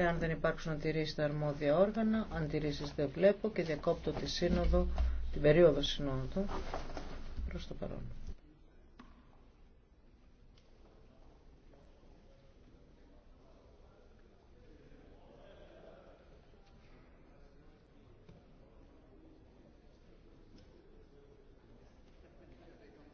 Εάν δεν υπάρξουν αντιρρήσει στα αρμόδια όργανα, αντιρρήσει δεν βλέπω και διακόπτω τη σύνοδο, την περίοδο συνόδου προς το παρόν.